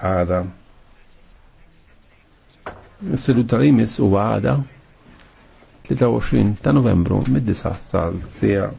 għada. Seduta tal-imis u għada 23 ta' novembru mid-disa sal-sija